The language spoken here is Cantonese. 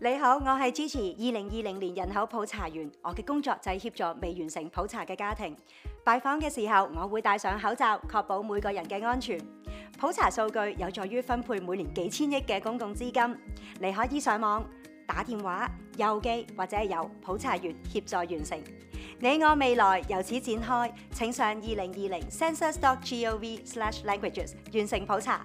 你好，我係 Gigi，二零二零年人口普查員，我嘅工作就係協助未完成普查嘅家庭。拜訪嘅時候，我會戴上口罩，確保每個人嘅安全。普查數據有助於分配每年幾千億嘅公共資金。你可以上網、打電話、郵寄或者由普查員協助完成。你我未來由此展開，請上二零二零 census.gov/languages 完成普查。